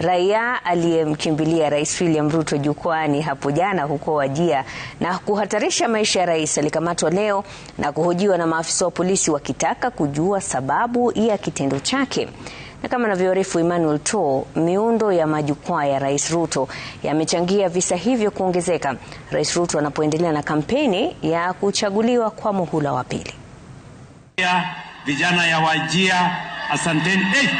raia aliyemkimbilia Rais William Ruto jukwani hapo jana huko Wajia na kuhatarisha maisha ya rais alikamatwa leo na kuhojiwa na maafisa wa polisi wakitaka kujua sababu ya kitendo chake. Na kama anavyoarifu Emmanuel To, miundo ya majukwaa ya Rais Ruto yamechangia visa hivyo kuongezeka, Rais Ruto anapoendelea na kampeni ya kuchaguliwa kwa muhula wa pili. Vijana ya Wajia, asanteni. Hey! Eh,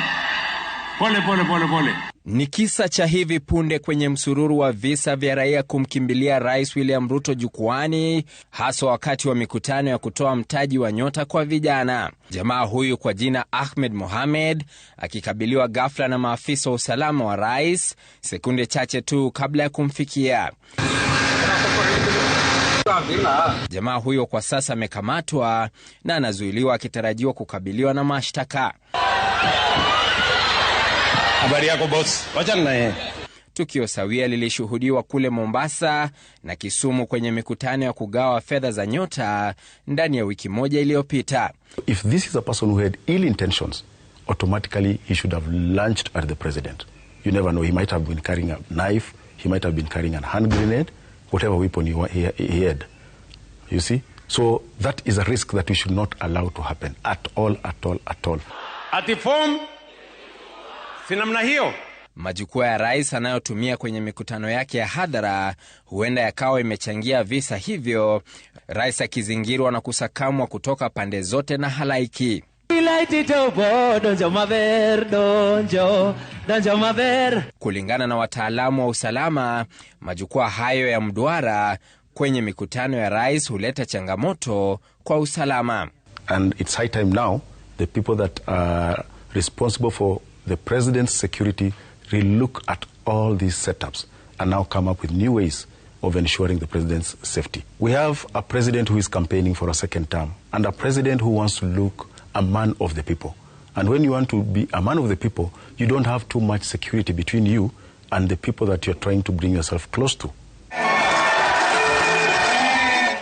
pole pole pole pole. Ni kisa cha hivi punde kwenye msururu wa visa vya raia kumkimbilia Rais William Ruto jukwani, haswa wakati wa mikutano ya kutoa mtaji wa nyota kwa vijana. Jamaa huyu kwa jina Ahmed Mohamed akikabiliwa ghafla na maafisa wa usalama wa rais sekunde chache tu kabla ya kumfikia. Jamaa huyo kwa sasa amekamatwa na anazuiliwa akitarajiwa kukabiliwa na mashtaka. Habari yako boss, wachana naye. Tukio sawia lilishuhudiwa kule Mombasa na Kisumu kwenye mikutano ya kugawa fedha za nyota ndani ya wiki moja iliyopita. If this is a person who had ill intentions, automatically he should have at the president. You never know, he might have been carrying a knife, he might have been carrying a hand grenade, whatever weapon he, he had. You see? So that is a risk that we should not allow to happen at all, at all, at all. At the form si namna hiyo. Majukwaa ya rais anayotumia kwenye mikutano yake ya hadhara huenda yakawa imechangia visa hivyo, rais akizingirwa na kusakamwa kutoka pande zote na halaiki. Oh, Kulingana na wataalamu wa usalama, majukwaa hayo ya mduara kwenye mikutano ya rais huleta changamoto kwa usalama And it's high time now, the people that are responsible for the president's security relook at all these setups and now come up with new ways of ensuring the president's safety. We have a president who is campaigning for a second term and a president who wants to look a man of the people. And when you want to be a man of the people, you don't have too much security between you and the people that you're trying to bring yourself close to.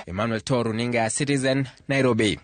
Emmanuel Toruninga, Citizen, Nairobi.